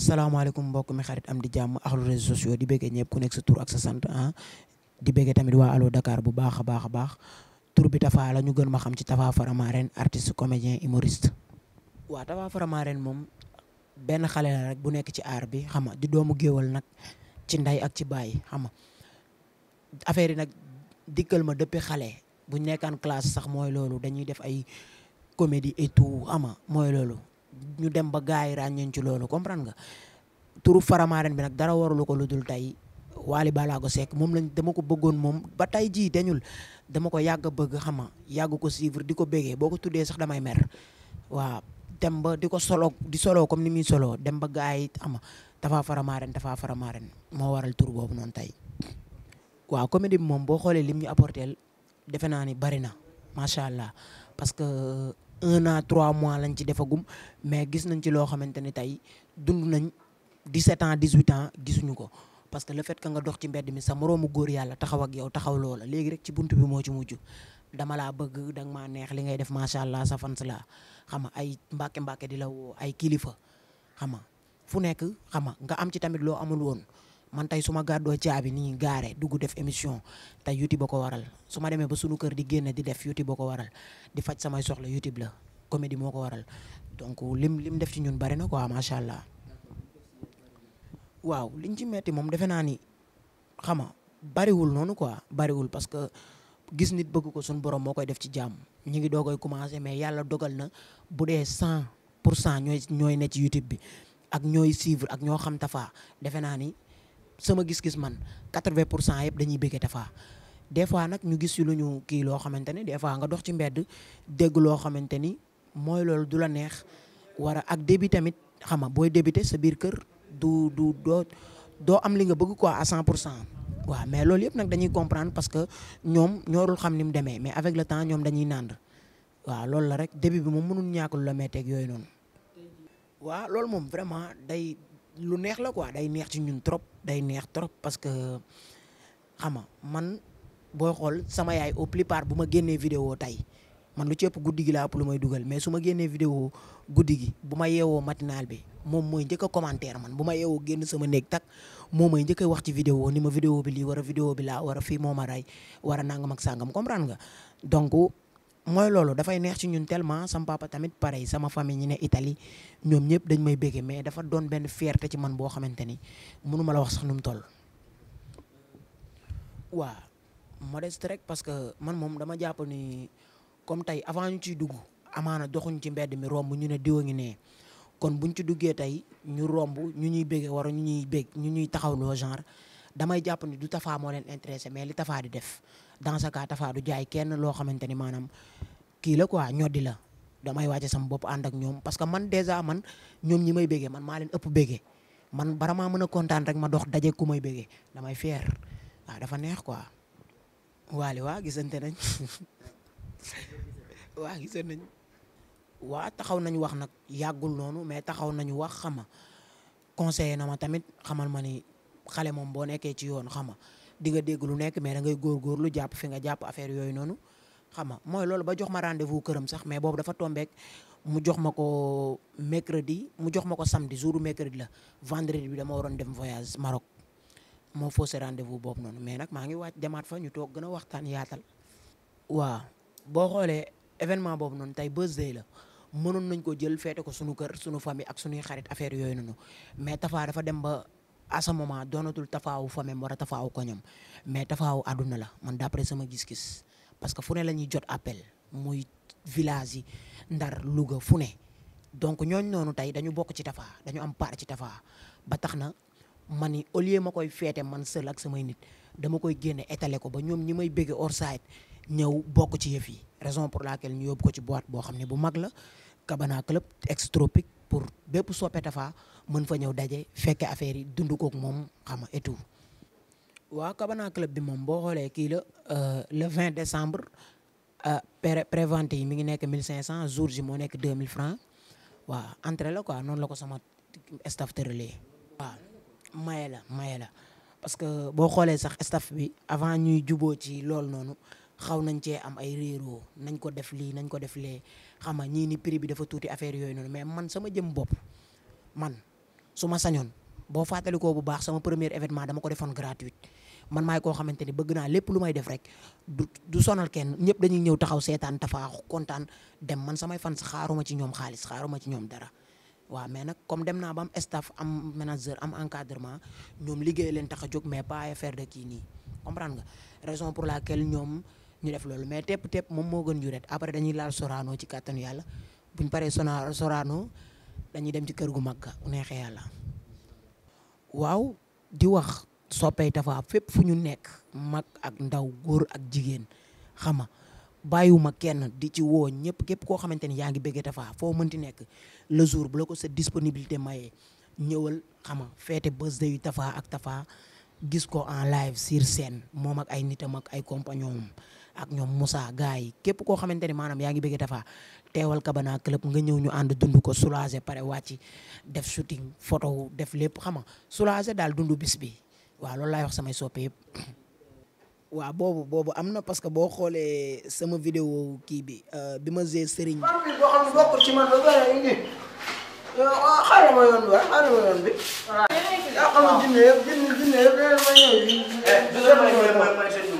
Assalamualaikum, mbokk mi xarit am di jamm ahlul réseaux sociaux di bégué ñëpp ku nekk sa tour ak sa sante hein ah. di bégué tamit wa Allo Dakar bu baaxa baaxa baax tour bi Tafa la ñu gën ma xam ci Tafa Faramaren artiste comédien humoriste wa Tafa Faramaren mom ben xalé la rek bu nekk ci art bi xam nga di doomu gëwël nak ci nday ak ci baay xam nga affaire yi nak dikkel ma depuis xalé bu nekkaan classe sax moy lolu dañuy def ay comédie et tout ama moy lolu ñu dem ba gars yi ràññeen ci loolu comprendre nga tur Faramaren bi nag dara warulu ko lu dul tey balaa ko Seck moom lañ dama ko bëggoon moom ba tey jii dañul dama ko yàgg bëgg xama yàgg ko suivre di ko bëggee boo ko tuddee sax damay mer waaw dem ba di ko solo di solo comme ni muy solo dem ba gars yi ama Tapha Faramaren Tapha Faramaren moo waral tur boobu noonu tey waaw comédie bi moom boo xoolee lim ñu apporté defe naa ni bari na macha allah un an trois mois lañ ci defagum mais gis nañ ci loo xamante ni tey dund nañ 17 ans 18 ans gisuñu ko parce que le fait que nga dox ci mbedd mi sa moroomu góor yàlla taxaw ak yow taxaw loola léegi rek ci bunt bi moo ci mujj dama laa bëgg danga maa neex li ngay def macha allah sa fans la xam nga ay mbàkke mbàkke di la woo ay kilifa xam nga fu nekk xam nga am ci tamit loo amul woon man tey su ma gàddoo caabi nii gaare dugg def émission tey youtube ba ko waral su ma demee ba sunu kër di génn di def youtube ba ko waral di faj samay soxla youtube la comédie moo ko waral donc lim lim def ci ñun bari na quoi macha allah. waaw liñ ci metti moom defe naa ni xama bariwul noonu quoi bariwul parce que gis nit bëgg ko suñu borom moo koy def ci jàmm ñu ngi doo koy commencé mais yàlla dogal na bu dee cent pour cent ñooy ñooy ne ci youtube bi ak ñooy suivre ak ñoo xam tafaa defe naa ni. sama gis-gis man 80 yeb dañuy bëggé dafa des fois nak ñu gis yu luñu ki lo xamanteni des fois nga dox ci mbéd dégg lo xamanteni moy lool loolu du la neex wara ak début tamit xama boy débité sa biir kër du du do do am li nga bëgg quoi à 100 wa mais loolu yëpp nak dañuy comprendre parce que ñom ñorul xam ni mu demee mais avec le temps ñom dañuy nand wa loolu la rek début bi mom mënul ñàkk la la ak yoy non wa loolu mom vraiment day. lu neex la ko day neex ci ñun trop day neex trop parce que xam man booy xool sama yaay au plus bu ma génnee video tey man lu ci guddi gi laa ëpp lu may dugal mais su ma génnee vidéo guddi gi bu ma yeewoo matinal bi moom mooy njëkk a commentaire man bu ma yeewoo génn sama néeg tak moom mooy njëkk a wax ci vidéo ni ma vidéo bi lii war a vidéo bi laa war a fii moo ma rey war a nangam ak sàngam comprendre nga donc mooy loolu dafay neex ci ñun tellement sama papa tamit pareil sama famille ñi ne itali ñoom ñëpp dañ may bëgge mais dafa doon benn fierté ci man boo xamante ni mënuma la wax sax nu mu toll. waa modeste rek parce que man moom dama jàpp ni comme tey avant ñu ciy dugg amaana doxuñ ci mbedd mi romb ñu ne diwa ngi ne kon buñ ci duggee tey ñu romb ñu ñuy bëgge wara ñu ñuy bëgg ñu ñuy taxaw taxawloo genre. damay japp ni du tafa mo len intéressé mais li tafa di def dans sa ka tafa du jaay kenn lo xamanteni manam ki la quoi ñoddi la damay wajé sam bop and ak ñom parce que man déjà man ñom ñi may man ma len ëpp man bara maa mën rek ma dox daje ku may béggee damay fier ah dafa neex quoi waali wa gisante nañ wa gisante nañ wa taxaw nañ wax nak yagul nonu mais taxaw nañ wax xama conseiller na ma tamit xamal ma xalé moom boo nekkee ci yoon xama nga di nga dégg lu nekk mais da ngay lu japp fi nga japp affaire yoy nonu xama moy lolu ba jox ma rendez-vous këram sax mais bobu dafa tombeek mu jox mako mercredi mu jox mako samedi jour mercredi la vendredi bi dama waroon dem voyage Maroc mo faussé rendez-vous bobu noonu mais nak ma ngi wacc demat fa ñu tok gëna waxtaan yaatal. wa bo xolé événement boobu noonu tey birthday la mënon nañ ko jël fété ko suñu kër suñu famille ak suñu xarit affaire yoy nonu mais Tafa dafa dem ba. à ce doonatul tafaawu famem war a tafaawu koñam mais tafaawu àdduna la man d'après sama gis-gis parce que fu ne la ñuy jot appel muy village yi Ndar Louga fu ne donc ñooñ noonu tey dañu bokk ci tafaa dañu am part ci tafaa ba tax na ma ni au lieu ma koy feete man seul ak samay nit dama koy génne étaler ko ba ñoom ñi may bëgge hors site ñëw bokk ci yëf yi raison pour la laquelle ñu yóbbu ko ci boîte boo xam ne bu mag la Cabana Club ex tropique pour bépp soppe Tapha mën fa ñëw daje fekke affaire yi dund kook moom xam nga et waaw Kabana club bi moom boo xoolee kii la euh, le 20 décembre euh, pré prévente yi mi ngi nekk cent jours yi moo nekk 2000 francs waaw entrée la quoi noonu la ko sama staff tëralee. waaw maye la maye la parce que boo xoolee sax staff bi avant ñuy juboo ci loolu noonu xaw nañ cee am ay réeroo nañ ko def lii nañ ko def lee. xama ñi ni prix bi dafa tuuti affaire yoy non mais man sama jëm bop man suma sañon bo fatali ko bu baax sama premier événement dama ko defone gratuit man may ko xamanteni bëgg na lepp lu may def rek du du sonal kenn ñepp dañuy ñëw taxaw sétane dem man samay fans xaaruma ci ñom xaaliss xaaruma ci ñom dara wa mais nak comme dem na bam am staff am manager am encadrement ñom liggéey leen taxajuk mais pas affaire de kii comprendre nga raison pour laquelle ñom ñu def loolu mais tepp tepp moom moo gën juret après dañuy laal Sorano ci kàttanu yàlla buñ paree sona Sorano dañuy dem ci kër gu mag bu neexee yàlla. waaw di wax soppey Tapha fépp fu ñu nekk mag ak ndaw góor ak jigéen xama bàyyiwuma kenn di ci woo ñëpp képp koo xamante ni yaa ngi bëggee Tapha foo mënti nekk le jour bu la ko sa disponibilité mayee ñëwal xama feete birthday yu Tapha ak Tapha gis ko en live sur scène moom ak ay nitam ak ay compagnons ak ñoom musaa gaa yi képp koo xamante ni maanaam yaa ngi bëgg dafa teewal Kabana club nga ñëw ñu ànd dund ko soulager pare ci def shooting photo def lépp xam nga soulager daal dund bis bi waaw loolu laay wax samay soppe yëpp. waaw boobu boobu na parce que boo xoolee sama vidéo kii bi bi ma zee Serigne. ci man xaaral ma yoon bi waaw xaaral ma yoon bi. waaw xam nga jinne yëpp jinne yëpp ma ñëw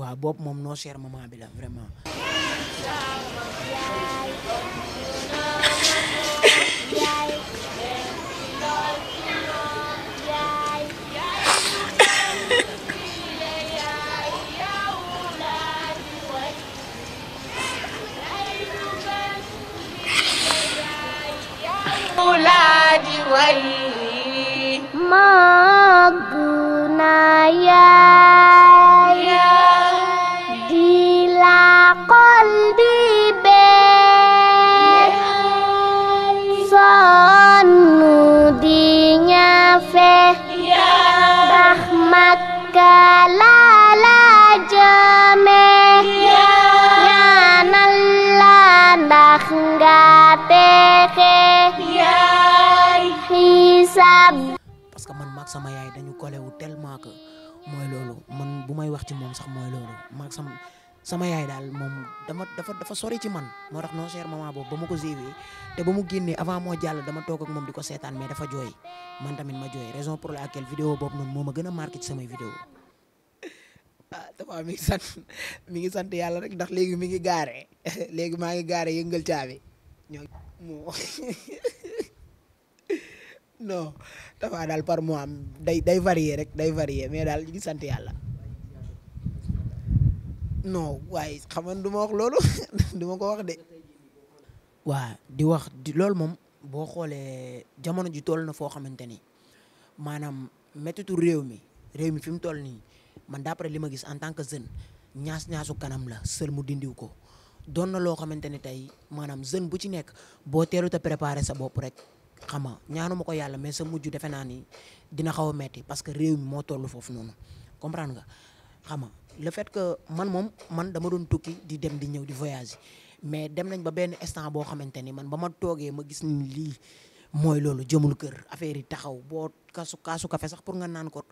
waaw boobu moom noo cher maman bi la vraiment. Maguna ya Bab. parce que man maag sama yaay dañu collé wu tellement que mooy loolu man bu may wax ci moom sax mooy loolu maag sama sama yaay daal moom dama dafa dafa sori ci man moo tax non cher maman boobu ba ma ko géwee ba mu génnee avant moo jàll dama toog ak moom di ko seetaan mais dafa jooy man tamit ma jooy raison pour la laquelle vidéo boobu noonu moo ma gën a marqué ci samay vidéo ah dafa mi ngi sant yàlla rek ndax léegi mi ngi gaare léegi maa ngi gaare yëngal caabi ñoo moo non dafa daal par mois am day day varier rek day varier mais daal ñu ngi sant yàlla no waaye xam nga du ma wax loolu du ko wax de. waa di wax di loolu moom boo xoolee jamono ji toll na foo xamante ni maanaam méttitu réew mi réew mi fi mu toll nii man d'après li ma gis en tant que jeune ñaas-ñaasu kanam la sël mu dindiw ko doon na loo xamante ni tey maanaam jeune bu ci nekk boo teelut a préparé sa bopp rek. xama ñaanu mako yalla mais sa muju defena ni dina xaw metti parce que rew mi mo tollu fofu nonu comprendre nga xama le fait que man moom man dama tuki tukki di dem di ñew di voyage mais dem nañ ba ben instant bo xamanteni man bama toge ma gis ni li moy lolu jëmul kër affaire yi taxaw bo kasu kasu kafe sax pour nga nan ko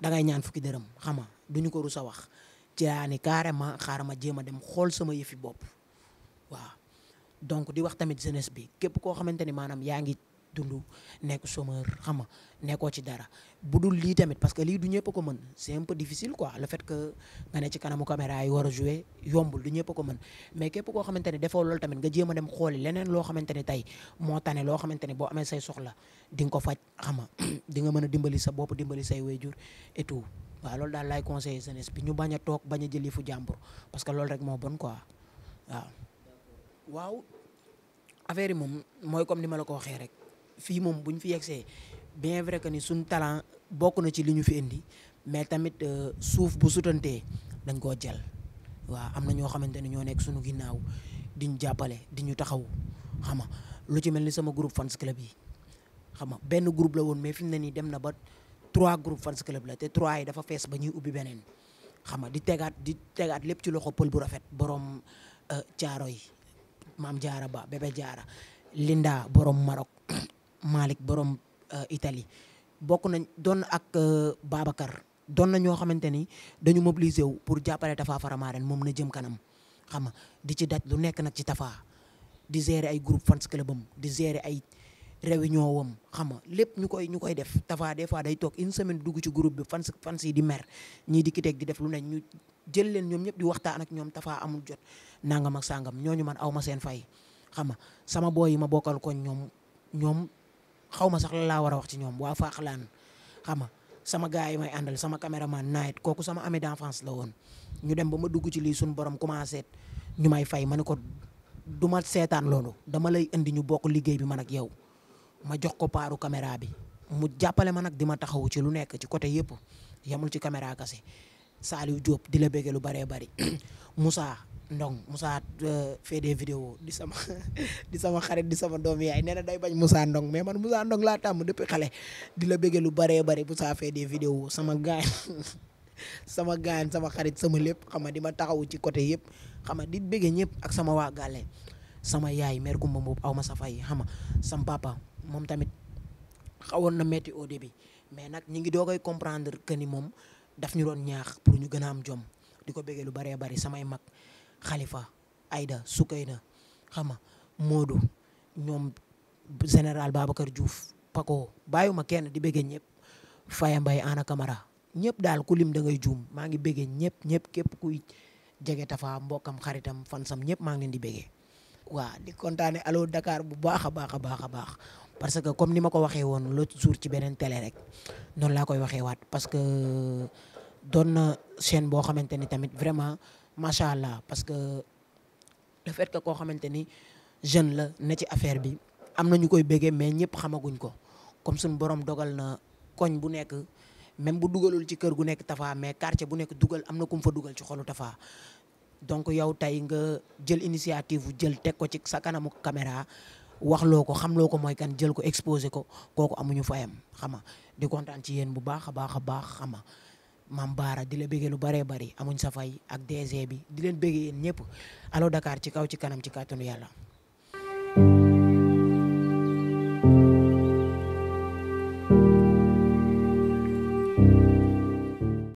da ngay ñaan fukki xama duñu ko rusa wax ci carrément xaaral ma dem xol sama yefi bop donc di wax tamit jeunesse bi képp koo xamante ni maanaam yaa ngi dund nekk chômeur ci dara tamit parce que lii du ñëpp ko c'est un peu difficile quoi le fait que nga ne ci kanamu caméra yi yombul du ñëpp ko mais képp koo xamante defoo tamit nga jéem dem leneen tane say soxla di nga di nga dimbali sa bopp dimbali say et tout waaw loolu daal laay conseiller jeunesse bi ñu bañ a toog bañ a parce que rek bon quoi waaw affaire yi moom mooy comme ni ma la ko waxee rek fii moom bu ñu fi yegsee bien vrai que ni suñu talent bokk na ci li ñu fi indi mais tamit euh, suuf bu sutantee dañ koo jël waaw am na ñoo xamante ne ñoo nekk suñu ginnaaw di ñu jàppale di ñu taxaw xam nga lu ci mel ni sama groupe fans club yi xam nga benn groupe la woon mais fi mu ne nii dem na ba trois groupe fans club la te trois yi dafa fees ba ñuy ubbi beneen xam nga di tegaat di tegaat lépp ci loxo pël bu rafet borom euh, caaro yi maam jaara ba bébé jaara linda borom Maroc Malick borom euh, Italie bokk nañ doon ak euh, Babacar doon na ñoo xamante ni dañu mobiliser wu pour jàppale Tafa Faramaren moom na jëm kanam xam nga di ci daj lu nekk nag ci Tafa di gérer ay groupe fans club am di gérer ay réunion wam xam nga lépp ñu koy ñu koy def Tapha des fois day toog une semaine dugg ci groupe bi fans fans yi di mer ñii di kiteeg di def lu ne ñu jël leen ñoom ñëpp di waxtaan ak ñoom Tapha amul jot nàngam ak sàngam ñooñu man aw ma seen fay xam nga sama booy yi ma bokkal ko ñoom ñoom xaw ma sax la laa war a wax ci ñoom waa Faaxlaan xam nga sama gars yi may àndal sama caméraman nawet kooku sama ami d'enfance la woon ñu dem ba ma dugg ci lii suñu borom commencé ñu may fay ma ne ko du ma seetaan loolu dama lay indi ñu bokk liggéey bi man ak yow ma jox ko paaru caméra bi mu jàppale ma nag di ma taxawu ci lu nekk ci côté yëpp yemul ci caméra kese Saliou Diop di la bëgg lu bëree bëri Moussa Ndong Moussa euh, fait des vidéos di sama di sama xarit di sama doom yaay nee na day bañ Moussa Ndong mais man Moussa Ndong laa tàmm depuis xale di la bëgg lu baree bari Moussa fait des vidéos sama gaay sama gaay sama xarit sama lépp xam ma di ma taxawu ci côté yëpp xam ma di bëgg ñëpp ak sama waa gàlle sama yaay mère Koumba Mboub aw ma sa fay xam nga sama papa. mom tamit xawon na metti au début mais nak ñi ngi doogay comprendre que ni mom daf ñu doon ñaax pour ñu gëna am jom di ko lu bare bari samay mak Khalifa Aida, sukayna xama Modou ñom général Babacar Diouf pako bayuma kenn di bëggee ñep Faye mbay Ana Camara ñep dal ku lim da ngay joom nyep ngi bëggee ñep ñep képp kuy jégué Tafa mbokam xaritam fansam ñep ma ngi di bëggee. wa di kontaane Allo Dakar bu baakha baakha baakha baax parce que comme ni ma ko waxee woon l'autre jour ci beneen télé rek noonu laa koy waxee waat parce que doon na chaîne boo xamante ni tamit vraiment macha allah parce que le fait que koo xamante ni jeune la ne ci affaire bi am na ñu koy béggee mais ñëpp xamaguñ ko comme suñ borom dogal na koñ bu nekk même bu dugalul ci kër gu nekk Tapha mais quartier bu nekk dugal am na ku fa dugal ci xolu Tapha donc yow tey nga jël initiative jël teg ko ci sa kanamu caméra wax loo ko xam loo ko mooy kan jël ko exposé ko kooku amuñu fayam xama di kontaan ci yéen bu baax a baax a baax xama maam Baara di la bëggee lu bëree bari amuñ sa fay ak DG bi di leen bëggee yéen ñëpp Allo dakaar ci kaw ci kanam ci kàttanu yàlla